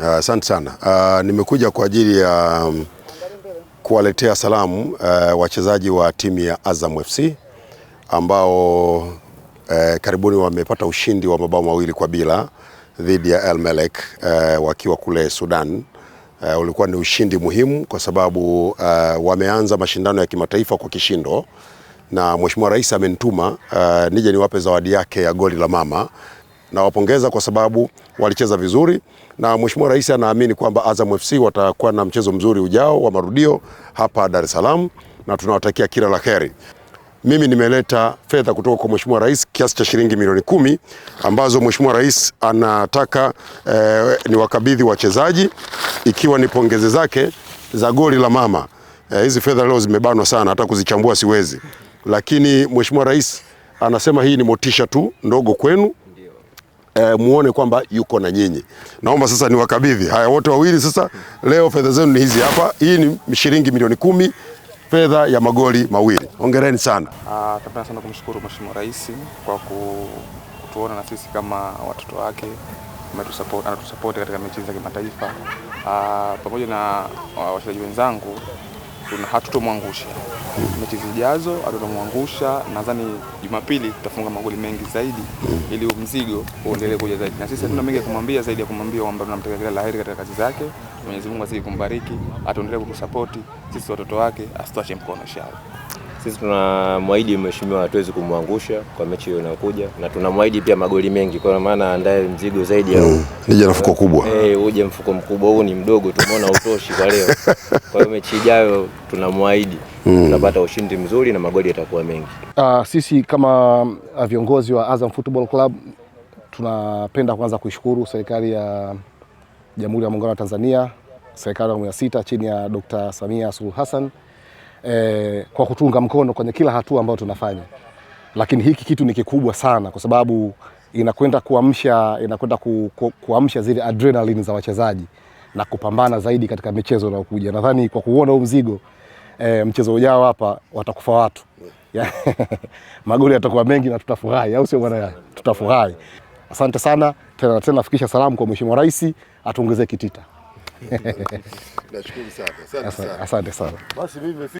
Eh, asante uh, sana uh, nimekuja kwa ajili ya um, kuwaletea salamu uh, wachezaji wa timu ya Azam FC ambao uh, karibuni wamepata ushindi wa mabao mawili kwa bila dhidi ya El Melek uh, wakiwa kule Sudan. Uh, ulikuwa ni ushindi muhimu kwa sababu uh, wameanza mashindano ya kimataifa kwa kishindo na Mheshimiwa Rais amenituma uh, nije niwape zawadi yake ya goli la mama nawapongeza kwa sababu walicheza vizuri, na Mheshimiwa Rais anaamini kwamba Azam FC watakuwa na mchezo mzuri ujao wa marudio hapa Dar es Salaam, na tunawatakia kila la heri. Mimi nimeleta fedha kutoka kwa Mheshimiwa Rais kiasi cha shilingi milioni kumi ambazo Mheshimiwa Rais anataka eh, ni wakabidhi wachezaji ikiwa ni pongeze zake za goli la mama. Eh, hizi fedha leo zimebanwa sana hata kuzichambua siwezi, lakini Mheshimiwa Rais anasema hii ni motisha tu ndogo kwenu eh, muone kwamba yuko na nyinyi. Naomba sasa niwakabidhi haya wote wawili. Sasa leo fedha zenu ni hizi hapa. Hii ni shilingi milioni kumi, fedha ya magoli mawili. Hongereni sana. Ah, tunapenda sana kumshukuru Mheshimiwa Rais kwa kutuona na sisi kama watoto wake anatusapoti katika mechi za kimataifa ah, pamoja na ah, wachezaji wenzangu hatutomwangusha hmm. mechi zijazo, hatutomwangusha. Nadhani Jumapili tutafunga magoli mengi zaidi, hmm. ili mzigo uendelee kuja zaidi, na sisi hatuna mengi ya kumwambia zaidi ya kumwambia kwamba tunamtaka kila laheri katika kazi zake. Mwenyezi Mungu azidi kumbariki, atuendelee kutusapoti sisi watoto wake, asituache mkono shala sisi tunamwahidi mheshimiwa, hatuwezi kumwangusha kwa mechi hiyo inayokuja, na tunamwahidi pia magoli mengi, kwa maana andaye mzigo zaidi ya mm, nije na mfuko kubwa eh, uje mfuko mkubwa. Huu ni mdogo, tumeona utoshi kwa leo. Kwa hiyo mechi ijayo tunamwahidi mm, tunapata ushindi mzuri na magoli yatakuwa mengi. Uh, sisi kama ah, viongozi wa Azam Football Club tunapenda kwanza kuishukuru serikali ya Jamhuri ya Muungano wa Tanzania, serikali ya awamu ya sita chini ya Dr. Samia Suluhu Hassan eh, kwa kutunga mkono kwenye kila hatua ambayo tunafanya. Lakini hiki kitu ni kikubwa sana kwa sababu inakwenda kuamsha inakwenda ku, ku, kuamsha zile adrenaline za wachezaji na kupambana zaidi katika michezo inayokuja. Nadhani kwa kuona huu mzigo eh, mchezo ujao hapa watakufa watu magoli yatakuwa mengi na tutafurahi, au sio bwana? Tutafurahi. Asante sana tena na tena, fikisha salamu kwa Mheshimiwa Rais atuongezee kitita. Nashukuru sana. Asante sana. Basi mimi